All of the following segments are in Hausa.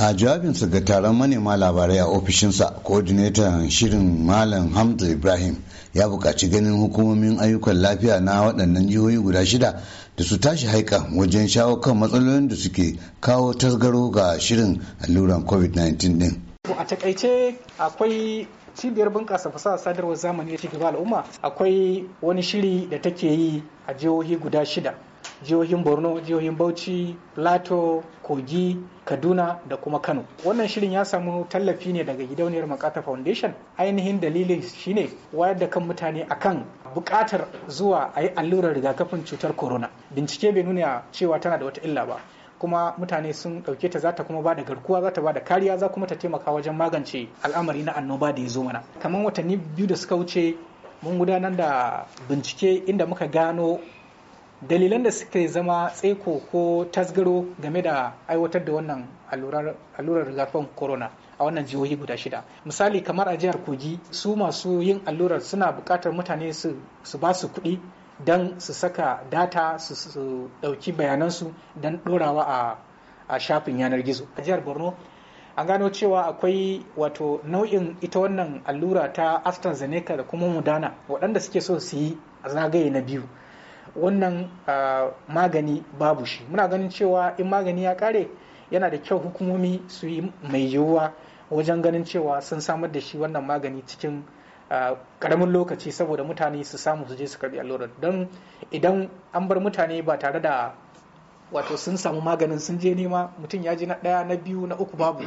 a jawabinsa ga taron manema labarai a ofishinsa coordinator shirin malam hamza ibrahim ya buƙaci ganin hukumomin ayyukan lafiya na waɗannan jihohi guda shida da su tashi haika wajen shawo kan matsalolin da suke kawo tasgaro ga shirin alluran covid-19 din a takaice akwai cibiyar bunƙasa fasaha sadarwar zamani da gaba al'umma akwai wani shiri da take yi a jihohi guda shida jihohin borno jihohin bauchi plateau kogi kaduna da kuma kano wannan shirin ya samu tallafi ne daga gidauniyar makata foundation ainihin dalilin shine wayar da kan mutane akan buƙatar zuwa a yi allurar rigakafin cutar corona bincike bai nuna cewa tana da wata illa ba kuma mutane sun ɗauke ta zata kuma ba da garkuwa zata bada ba da kariya za kuma ta taimaka wajen magance al'amari na annoba da ya zo mana kamar watanni biyu da suka wuce mun gudanar da bincike inda muka gano dalilan da suke zama tseko ko tasgaro game da aiwatar da wannan allurar rigakafin corona a wannan jihohi guda shida misali kamar a jihar kogi su masu yin allurar suna buƙatar mutane su ba su kuɗi don su saka data su ɗauki bayanansu don ɗorawa a shafin yanar gizo a jihar borno an gano cewa akwai wato nau'in ita wannan allura ta astrazeneca da kuma mudana waɗanda suke so su yi a zagaye na biyu wannan magani babu shi muna ganin cewa in magani ya kare yana da kyau hukumomi su yi mai yiwuwa wajen ganin cewa sun samar da shi wannan magani cikin karamin lokaci saboda mutane su samu su je su karbi allurar don idan an bar mutane ba tare da wato sun samu maganin sun je nema mutum ya ji na ɗaya na biyu na uku babu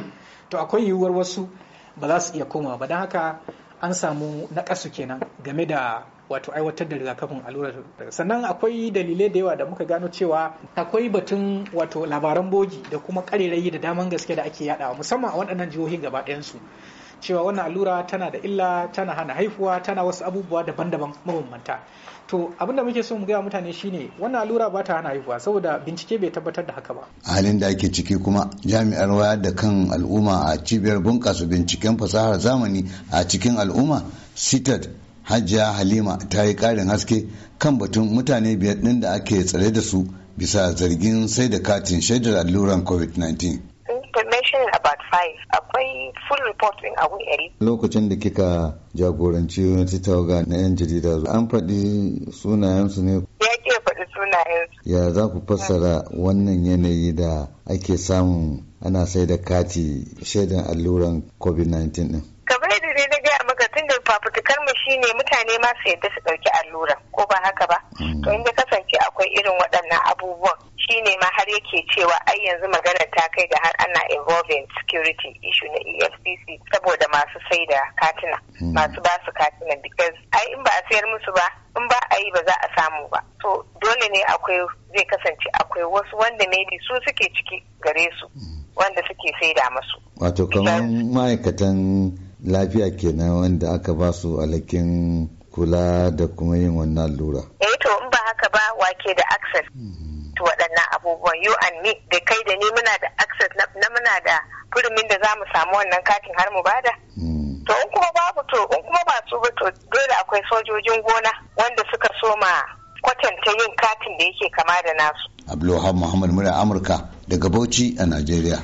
to akwai yiwuwar wasu ba za su iya koma ba don haka an samu naƙasu kenan game da wato aiwatar da rigakafin allurar sannan akwai dalilai da yawa da muka gano cewa akwai batun wato labaran bogi da kuma ƙarerayi da daman gaske da ake yadawa musamman a waɗannan jihohin gaba ɗayansu cewa wannan allura tana da illa tana hana haihuwa tana wasu abubuwa daban-daban mabambanta to abin da muke so mu gaya mutane shine wannan allura ba ta hana haihuwa saboda bincike bai tabbatar da haka ba halin da ake ciki kuma jami'ar wayar da kan al'umma a cibiyar bunƙasa binciken fasahar zamani a cikin al'umma sitat hajiya halima ta yi ƙarin haske kan batun mutane biyar ɗin da ake tsare da su bisa zargin sai da katin shaidar alluran covid-19 part 5 akwai full report a abu eri lokacin da kika jagoranci wani tawaga na yan jarida an faɗi sunayensu ne ya ke faɗi sunayensu ya za ku fassara wannan yanayi da ake samun ana sai da kati shaidan alluran covid-19 din kamar yadda dai na gaya maka tun da fafutukar mu shine mutane ma su yadda su ɗauki alluran ko ba haka ba mm. to inda kasance akwai irin waɗannan abubuwan shine ma har yake cewa ai yanzu magana ta kai ga har ana involving security issue na efcc saboda masu sai da katina hmm. masu ba su katina because ai in ba a sayar musu ba in ba a yi ba za a samu ba so dole ne akwai zai kasance akwai wasu wanda maybe su suke ciki gare su hmm. wanda suke sai da masu wato kamar ma'aikatan lafiya kenan wanda aka ba su alakin kula da kuma yin wannan lura? eh to in ba haka ba wake da access hmm. abubuwan you and me da kai da ni muna da access na muna da furumin da za mu samu wannan katin har mu bada. Hmm. To in kuma babu to in kuma ba su ba to dole akwai sojojin gona wanda suka soma kwatanta yin katin da yake kama da nasu. Abdulwahab Muhammad muna Amurka daga Bauchi a Najeriya.